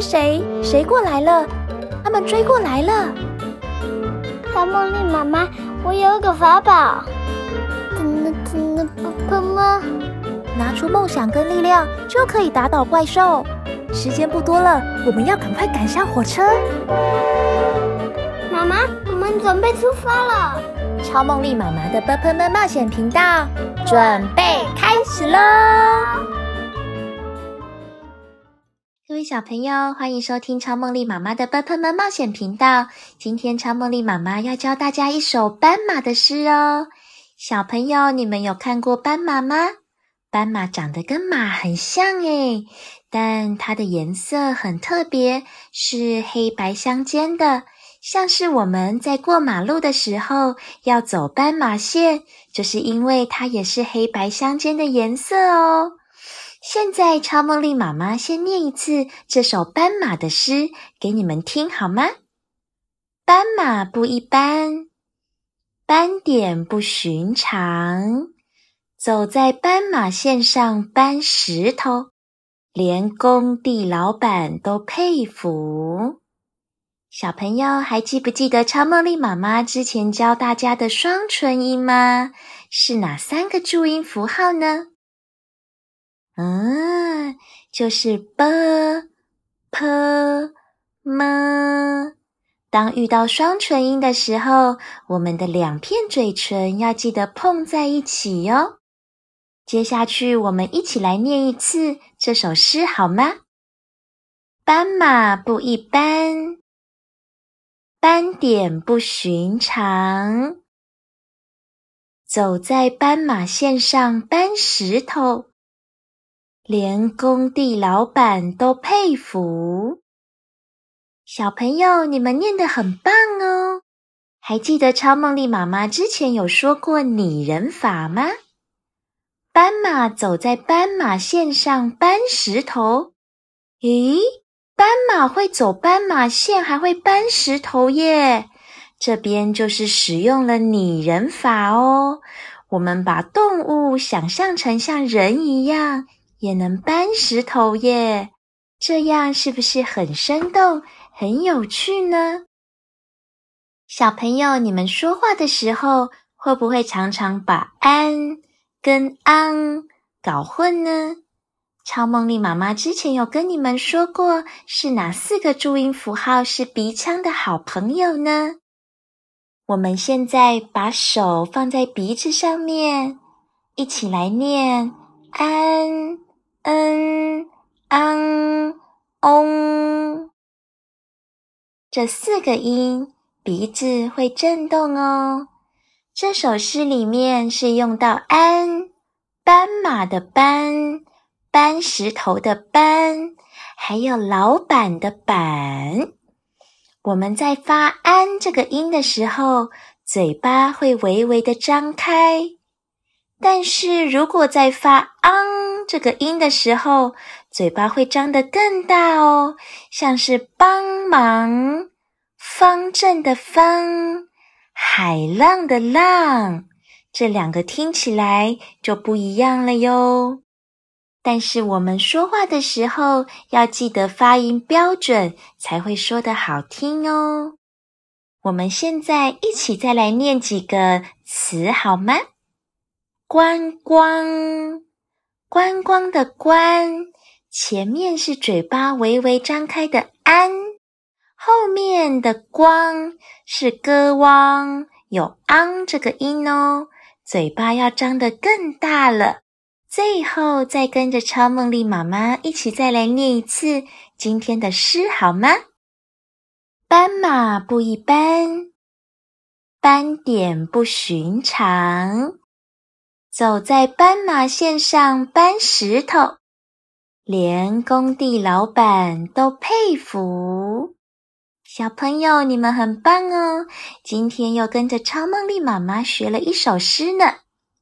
是誰？誰過來了？他們追過來了！超夢莉媽媽，我有個法寶，拿出夢想跟力量就可以打倒怪獸。時間不多了，我們要趕快趕上火車。媽媽，我們準備出發了！超夢莉媽媽的“啵啵們”冒險頻道準備開始了。各位小朋友，歡迎收聽超夢莉媽媽的《笨噴們冒險》頻道。今天超夢莉媽媽要教大家一首斑馬的詩哦。小朋友，你們有看過斑馬嗎？斑馬長得跟馬很像誒，但它的顏色很特別，是黑白相間的，像是我們在過馬路的時候要走斑馬線，就是因為它也是黑白相間的顏色哦。現在，超夢莉媽媽先念一次這首斑馬的詩給你們聽，好嗎？斑馬不一般，斑點不尋常，走在斑馬線上搬石頭，連工地老板都佩服。小朋友還記不記得超夢莉媽媽之前教大家的雙唇音嗎？是哪三個注音符號呢？嗯，就是 b p m。當遇到雙唇音的時候，我們的兩片嘴唇要記得碰在一起喲。接下去，我們一起來念一次這首詩好嗎？斑馬不一般，斑點不尋常，走在斑馬線上搬石頭。連工地老板都佩服。小朋友，你們念得很棒哦！還記得超夢莉媽媽之前有說過擬人法嗎？斑馬走在斑馬線上搬石頭。咦，斑馬會走斑馬線，還會搬石頭耶！這邊就是使用了擬人法哦。我們把動物想象成像人一樣。也能搬石頭耶，這樣是不是很生動、很有趣呢？小朋友，你們說話的時候會不會常常把 ㄢ 跟 ㄤ 搞混呢？超夢莉媽媽之前有跟你們說過，是哪四個注音符號是鼻腔的好朋友呢？我們現在把手放在鼻子上面，一起來念 ㄢ。嗯，安嗯、哦，這四個音鼻子會震動哦。這首詩裡面是用到“安”，斑馬的斑“斑”，搬石頭的“搬”，還有老闆的“板”。我們在發“安”這個音的時候，嘴巴會微微的張開。但是如果在發 “ang” 這個音的時候，嘴巴會張得更大哦，像是“幫忙”、“方正”的“方”、“海浪”的“浪”，這兩個聽起來就不一樣了喲。但是我們說話的時候要記得發音標準，才會說得好聽哦。我們現在一起再來念幾個詞好嗎？觀光，觀光的觀前面，是嘴巴微微張開的安，後面的光是歌汪，有昂這個音哦，嘴巴要張得更大了。最後再跟着超夢莉媽媽一起再來念一次今天的詩好嗎？斑馬不一般，斑點不尋常。走在斑馬線上搬石頭，連工地老板都佩服。小朋友，你們很棒哦！今天又跟着超夢莉媽媽學了一首詩呢。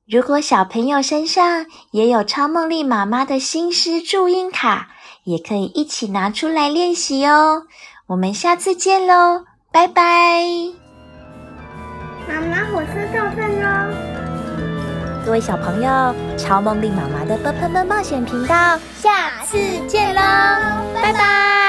如果小朋友身上也有超夢莉媽媽的新詩注音卡，也可以一起拿出來練習哦。我們下次見嘍，拜拜！媽媽，火車到站嘍。各位小朋友，超夢莉媽媽的奔奔奔冒險頻道，下次見嘍，拜拜！拜拜。